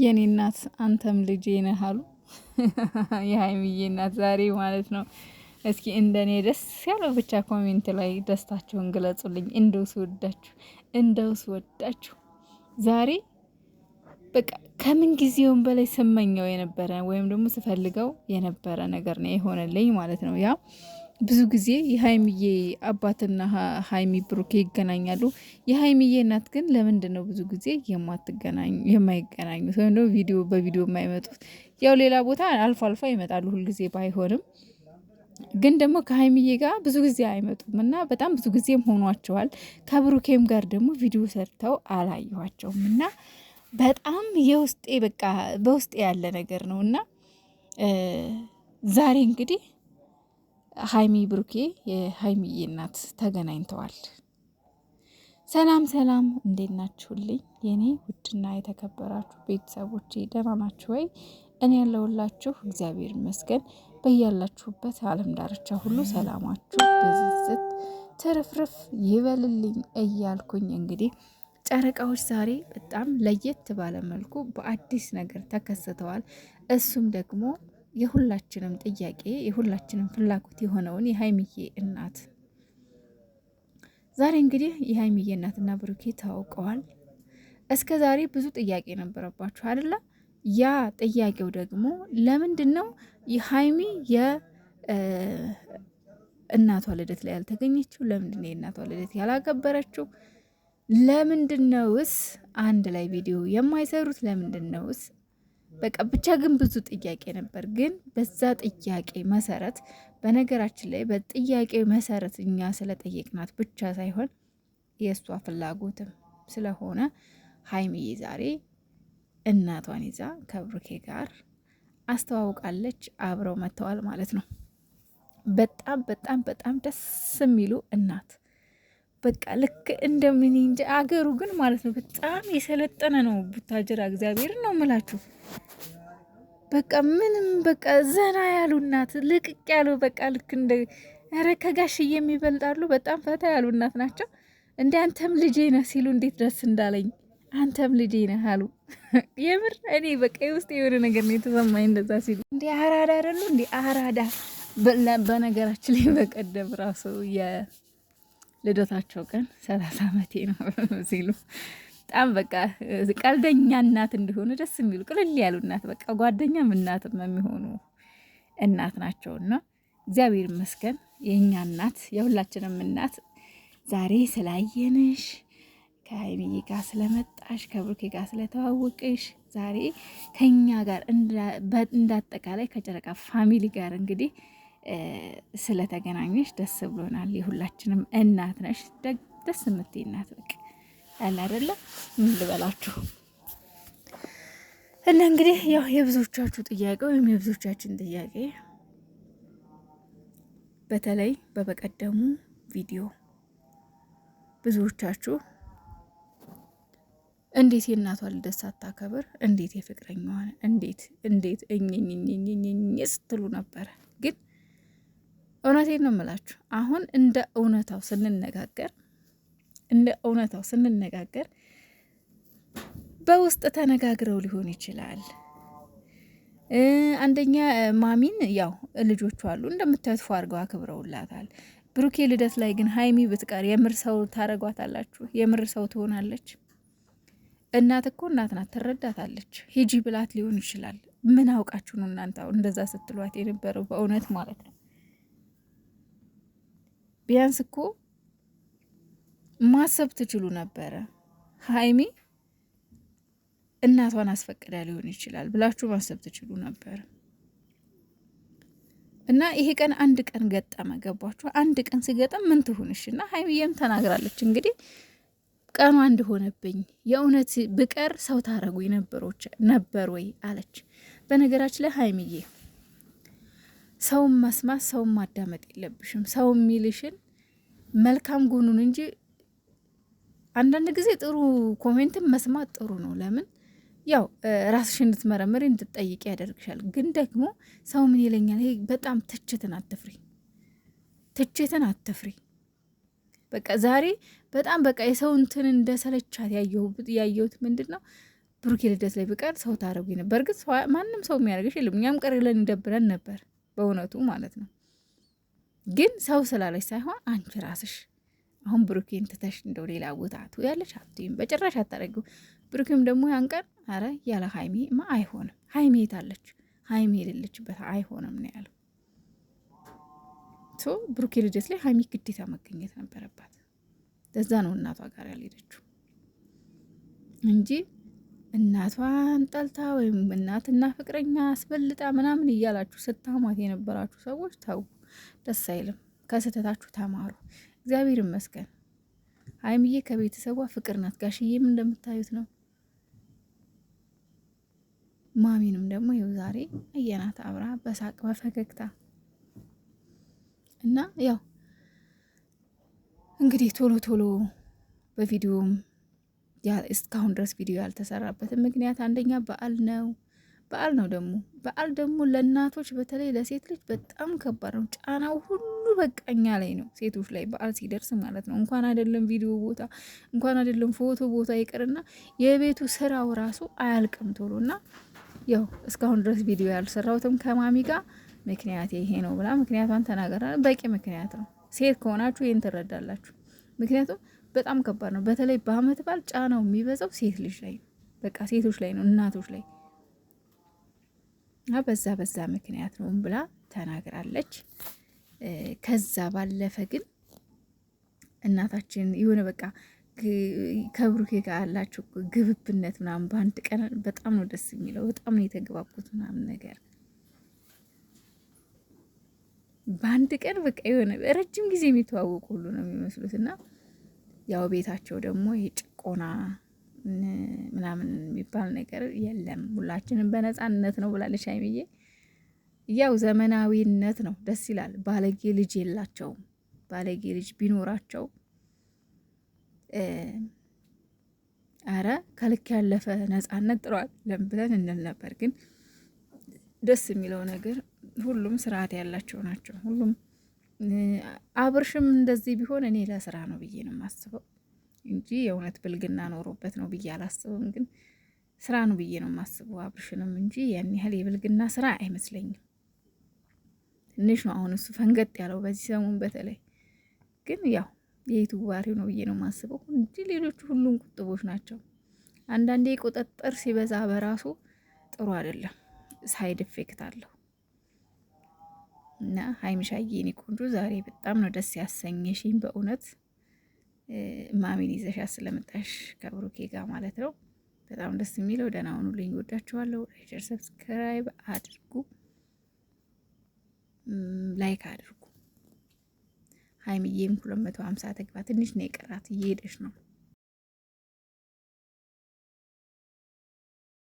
የኔ እናት አንተም ልጄ ነህ አሉ የሀይሚዬ እናት ዛሬ ማለት ነው። እስኪ እንደኔ ደስ ያለው ብቻ ኮሜንት ላይ ደስታችሁን ግለጹልኝ። እንደው ስወዳችሁ እንደው ስወዳችሁ ዛሬ በቃ ከምን ጊዜውም በላይ ስመኘው የነበረ ወይም ደግሞ ስፈልገው የነበረ ነገር ነው የሆነልኝ ማለት ነው ያ ብዙ ጊዜ የሀይሚዬ አባትና ሀይሚ ብሩኬ ይገናኛሉ። የሀይሚዬ እናት ግን ለምንድን ነው ብዙ ጊዜ የማይገናኙት ወይም ደግሞ ቪዲዮ በቪዲዮ የማይመጡት? ያው ሌላ ቦታ አልፎ አልፎ ይመጣሉ፣ ሁልጊዜ ባይሆንም ግን ደግሞ ከሀይሚዬ ጋር ብዙ ጊዜ አይመጡም እና በጣም ብዙ ጊዜም ሆኗቸዋል። ከብሩኬም ጋር ደግሞ ቪዲዮ ሰርተው አላየኋቸውም እና በጣም የውስጤ በቃ በውስጤ ያለ ነገር ነው እና ዛሬ እንግዲህ ሀይሚ ብሩኬ የሀይሚዬ እናት ተገናኝተዋል። ሰላም ሰላም፣ እንዴት ናችሁልኝ የኔ ውድና የተከበራችሁ ቤተሰቦች ደህና ናችሁ ወይ? እኔ ያለሁላችሁ እግዚአብሔር ይመስገን። በያላችሁበት ዓለም ዳርቻ ሁሉ ሰላማችሁ በዝዝት ትርፍርፍ ይበልልኝ እያልኩኝ እንግዲህ ጨረቃዎች ዛሬ በጣም ለየት ባለ መልኩ በአዲስ ነገር ተከስተዋል። እሱም ደግሞ የሁላችንም ጥያቄ የሁላችንም ፍላጎት የሆነውን የሀይሚዬ እናት ዛሬ እንግዲህ የሀይሚዬ እናትና ብሩኬ ታውቀዋል። እስከ ዛሬ ብዙ ጥያቄ ነበረባችሁ አይደለ? ያ ጥያቄው ደግሞ ለምንድን ነው የሀይሚ የእናቷ ልደት ላይ ያልተገኘችው? ለምንድን ነው የእናቷ ልደት ያላከበረችው? ለምንድን ነውስ አንድ ላይ ቪዲዮ የማይሰሩት? ለምንድን ነውስ በቃ ብቻ ግን ብዙ ጥያቄ ነበር። ግን በዛ ጥያቄ መሰረት በነገራችን ላይ በጥያቄ መሰረት እኛ ስለጠየቅናት ብቻ ሳይሆን የእሷ ፍላጎትም ስለሆነ ሀይሚዬ ዛሬ እናቷን ይዛ ከብሩኬ ጋር አስተዋውቃለች። አብረው መጥተዋል ማለት ነው። በጣም በጣም በጣም ደስ የሚሉ እናት በቃ ልክ እንደምን እንጂ አገሩ ግን ማለት ነው በጣም የሰለጠነ ነው። ቡታጀራ እግዚአብሔር ነው ምላችሁ። በቃ ምንም በቃ ዘና ያሉ እናት ልቅቅ ያሉ በቃ ልክ እንደ ኧረ ከጋሽዬ የሚበልጣሉ በጣም ፈታ ያሉ እናት ናቸው። እንደ አንተም ልጄ ነህ ሲሉ እንዴት ደስ እንዳለኝ አንተም ልጄ ነህ አሉ። የምር እኔ በቃ ውስጥ የሆነ ነገር ነው የተሰማኝ እንደዛ ሲሉ። እንዲ አራዳ አይደሉ እንዲ አራዳ። በነገራችን ላይ በቀደም ራሱ የልደታቸው ቀን ሰላሳ ዓመቴ ነው ሲሉ በጣም በቃ ቀልደኛ እናት እንዲሆኑ ደስ የሚሉ ቅልል ያሉ እናት በቃ ጓደኛም እናትም የሚሆኑ እናት ናቸውና እግዚአብሔር ይመስገን የእኛ እናት የሁላችንም እናት። ዛሬ ስላየንሽ ከሀይሚዬ ጋር ስለመጣሽ ከብሩኬ ጋር ስለተዋወቅሽ ዛሬ ከኛ ጋር እንዳጠቃላይ ከጨረቃ ፋሚሊ ጋር እንግዲህ ስለተገናኘሽ ደስ ብሎናል። የሁላችንም እናት ነሽ። ደስ የምትይ እናት በቃ አለ አይደለ? ምን ልበላችሁ እና እንግዲህ ያው የብዙዎቻችሁ ጥያቄ ወይም የብዙዎቻችን ጥያቄ በተለይ በበቀደሙ ቪዲዮ ብዙዎቻችሁ እንዴት የእናቷ ልደት ሳታከብር እንዴት የፍቅረኛዋን እንዴት እንዴት እኝኝኝኝኝኝ ስትሉ ነበረ። ግን እውነቴን ነው የምላችሁ አሁን እንደ እውነታው ስንነጋገር እንደ እውነታው ስንነጋገር በውስጥ ተነጋግረው ሊሆን ይችላል። አንደኛ ማሚን ያው ልጆቹ አሉ እንደምታዩት ፏ አድርገው አክብረውላታል። ብሩኬ ልደት ላይ ግን ሀይሚ ብትቀር የምር ሰው ታረጓታላችሁ? የምር ሰው ትሆናለች? እናት እኮ እናት ናት፣ ትረዳታለች። ሂጂ ብላት ሊሆን ይችላል። ምን አውቃችሁ ነው እናንተ እንደዛ ስትሏት የነበረው? በእውነት ማለት ነው ቢያንስ እኮ ማሰብ ትችሉ ነበረ። ሀይሚ እናቷን አስፈቅዳ ሊሆን ይችላል ብላችሁ ማሰብ ትችሉ ነበረ። እና ይሄ ቀን አንድ ቀን ገጠመ። ገባችሁ? አንድ ቀን ሲገጠም ምን ትሁንሽ? እና ሀይሚዬም ተናግራለች እንግዲህ ቀኑ አንድ ሆነብኝ። የእውነት ብቀር ሰው ታረጉ ነበር ወይ አለች። በነገራችን ላይ ሀይሚዬ ሰውም መስማት ሰውም ማዳመጥ የለብሽም። ሰው የሚልሽን መልካም ጎኑን እንጂ አንዳንድ ጊዜ ጥሩ ኮሜንትን መስማት ጥሩ ነው። ለምን ያው ራስሽ እንድትመረምሪ እንድትጠይቅ ያደርግሻል። ግን ደግሞ ሰው ምን ይለኛል፣ ይሄ በጣም ትችትን አትፍሪ፣ ትችትን አትፍሪ። በቃ ዛሬ በጣም በቃ የሰው እንትን እንደሰለቻት ያየሁት ምንድን ነው ብሩኬ ልደት ላይ ብቀር ሰው ታደረጉ ነበር። እርግጥ ማንም ሰው የሚያደርግሽ የለም። እኛም ቅር ብለን ይደብረን ነበር በእውነቱ ማለት ነው። ግን ሰው ስላለች ሳይሆን አንቺ ራስሽ አሁን ብሩኬን ትተሽ እንደው ሌላ ቦታ ትያለሽ አትይም፣ በጭራሽ አታደርጊው። ብሩኬም ደግሞ ያን ቀን አረ ያለ ሀይሜ ማ አይሆንም፣ ሀይሜ የታለች ሀይሜ የሌለችበት አይሆንም ነው ያለው። ሶ ብሩኬ ልደት ላይ ሀይሜ ግዴታ መገኘት ነበረባት። ለዛ ነው እናቷ ጋር ያልሄደችው እንጂ እናቷን ጠልታ ወይም እናትና ፍቅረኛ አስበልጣ ምናምን እያላችሁ ስታሟት የነበራችሁ ሰዎች ተው፣ ደስ አይልም። ከስህተታችሁ ተማሩ። እግዚአብሔር ይመስገን። ሀይምዬ ከቤተሰቧ ፍቅር ናት። ጋሽዬም እንደምታዩት ነው። ማሚንም ደግሞ ይኸው ዛሬ አየናት አብራ በሳቅ በፈገግታ እና ያው እንግዲህ ቶሎ ቶሎ በቪዲዮም እስካሁን ድረስ ቪዲዮ ያልተሰራበትም ምክንያት አንደኛ በዓል ነው። በዓል ነው ደግሞ በዓል ደግሞ ለእናቶች በተለይ ለሴት ልጅ በጣም ከባድ ነው ጫናው ሁሉ በቃ እኛ ላይ ነው፣ ሴቶች ላይ በዓል ሲደርስ ማለት ነው። እንኳን አይደለም ቪዲዮ ቦታ እንኳን አይደለም ፎቶ ቦታ ይቅርና የቤቱ ስራው ራሱ አያልቅም ቶሎ እና ያው እስካሁን ድረስ ቪዲዮ ያልሰራሁትም ከማሚ ጋር ምክንያት ይሄ ነው ብላ ምክንያቷን ተናገራ። በቂ ምክንያት ነው። ሴት ከሆናችሁ ይህን ትረዳላችሁ። ምክንያቱም በጣም ከባድ ነው። በተለይ በአመት በዓል ጫናው የሚበዛው ሴት ልጅ ላይ ነው። በቃ ሴቶች ላይ ነው፣ እናቶች ላይ በዛ በዛ ምክንያት ነው ብላ ተናግራለች። ከዛ ባለፈ ግን እናታችን የሆነ በቃ ከብሩኬ ጋር ያላቸው ግብብነት ምናምን በአንድ ቀን በጣም ነው ደስ የሚለው። በጣም ነው የተግባቡት ምናምን ነገር በአንድ ቀን በቃ የሆነ ረጅም ጊዜ የሚተዋወቁ ሁሉ ነው የሚመስሉት። እና ያው ቤታቸው ደግሞ የጭቆና ምናምን የሚባል ነገር የለም። ሁላችንም በነጻነት ነው ብላለች አይምዬ። ያው ዘመናዊነት ነው፣ ደስ ይላል። ባለጌ ልጅ የላቸውም። ባለጌ ልጅ ቢኖራቸው አረ ከልክ ያለፈ ነጻነት ጥሯል ለም ብለን እንል ነበር። ግን ደስ የሚለው ነገር ሁሉም ስርዓት ያላቸው ናቸው። ሁሉም አብርሽም እንደዚህ ቢሆን እኔ ለስራ ነው ብዬ ነው የማስበው እንጂ የእውነት ብልግና ኖሮበት ነው ብዬ አላስብም። ግን ስራ ነው ብዬ ነው የማስበው አብርሽንም እንጂ ያን ያህል የብልግና ስራ አይመስለኝም። ትንሽ ነው አሁን እሱ ፈንገጥ ያለው በዚህ ሰሞን በተለይ ግን ያው የዩቱብ ባህሪው ነው ብዬ ነው የማስበው እንጂ ሌሎቹ ሁሉም ቁጥቦች ናቸው። አንዳንዴ ቁጥጥር ሲበዛ በራሱ ጥሩ አይደለም፣ ሳይድ ኢፌክት አለው እና ሀይሚሻዬ የኔ ቆንጆ ዛሬ በጣም ነው ደስ ያሰኘሽኝ በእውነት ማሚን ይዘሻ ስለመጣሽ ከብሩኬ ጋር ማለት ነው። በጣም ደስ የሚለው ደህና ሁኑልኝ። ወዳችኋለሁ። ላይክ፣ ሰብስክራይብ አድርጉ። ላይክ አድርጉ። ሀይሚዬም ሁለት መቶ ሀምሳ ተግባ ትንሽ ነው የቀራት፣ እየሄደች ነው